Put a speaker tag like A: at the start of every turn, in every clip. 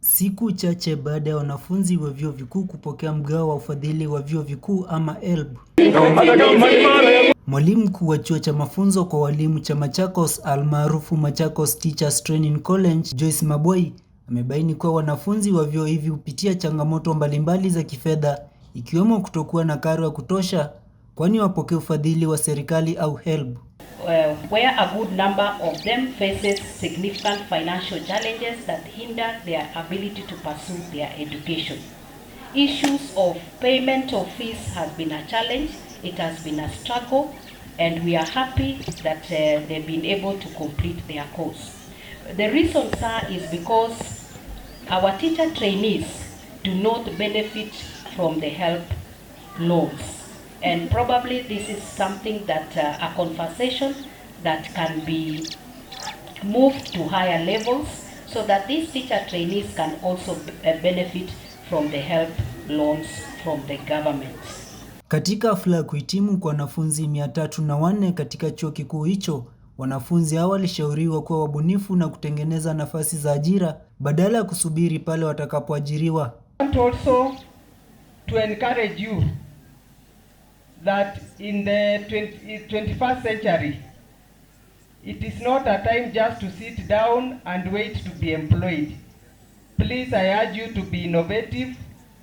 A: Siku chache baada ya wanafunzi wa vyuo vikuu kupokea mgao wa ufadhili wa vyuo vikuu ama HELB, mwalimu mkuu wa chuo cha mafunzo kwa walimu cha Machakos almaarufu Machakos Teachers Training College, Joyce Mabwoi amebaini kuwa wanafunzi wa vyuo hivi hupitia changamoto mbalimbali za kifedha ikiwemo kutokuwa na karo ya kutosha, kwani wapokee ufadhili wa serikali au HELB.
B: uh, where a good number of them faces significant financial challenges that hinder their ability to pursue their education. Issues of payment of fees has been a challenge, it has been a struggle, and we are happy that uh, they've been able to complete their course. The reason, sir, is because our teacher trainees do not benefit from the help loans. And probably this is something that uh, a conversation that can be moved to higher levels so that these teacher trainees can also uh, benefit from the help loans from the government.
A: Katika hafla ya kuhitimu kwa wanafunzi mia tatu na wanne katika chuo kikuu hicho, wanafunzi hao walishauriwa kuwa wabunifu na kutengeneza nafasi za ajira badala ya kusubiri pale watakapoajiriwa.
C: that in the eh, 20, 21st century, it is not a time just to sit down and wait to be employed. Please, I urge you to be innovative,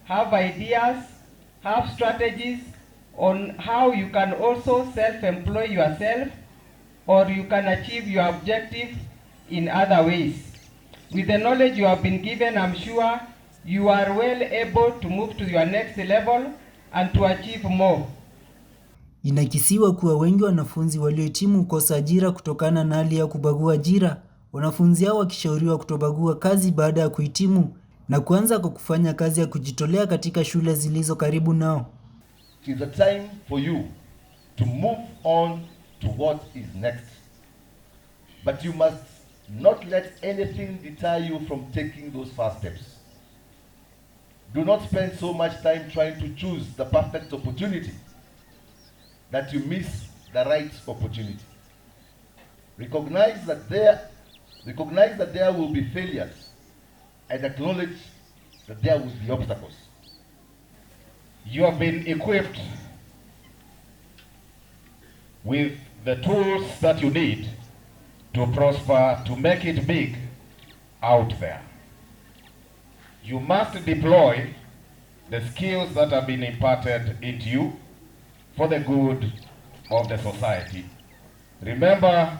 C: have ideas, have strategies on how you can also self-employ yourself or you can achieve your objective in other ways. With the knowledge you have been given, I'm sure you are well able to move to your next level and to achieve more.
A: Inakisiwa kuwa wengi wanafunzi waliohitimu hukosa ajira kutokana na hali ya kubagua ajira. Wanafunzi hao wakishauriwa kutobagua kazi baada ya kuhitimu na kuanza kwa kufanya kazi ya kujitolea katika shule zilizo karibu nao.
D: It is a time for you to move on to what is next. But you must not let anything deter you from taking those first steps. Do not spend so much time trying to choose the perfect opportunity that you miss the right opportunity. Recognize that there, recognize that there will be failures and acknowledge that there will be obstacles. You have been equipped with the tools that you need to prosper, to make it big out there. You must deploy the skills that have been imparted into you for the good of the society. Remember,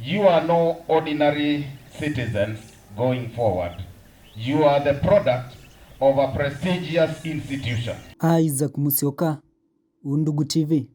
D: you are no ordinary citizens going forward. You are the product of a prestigious institution.
A: Ah, Isaac Musioka, Undugu TV.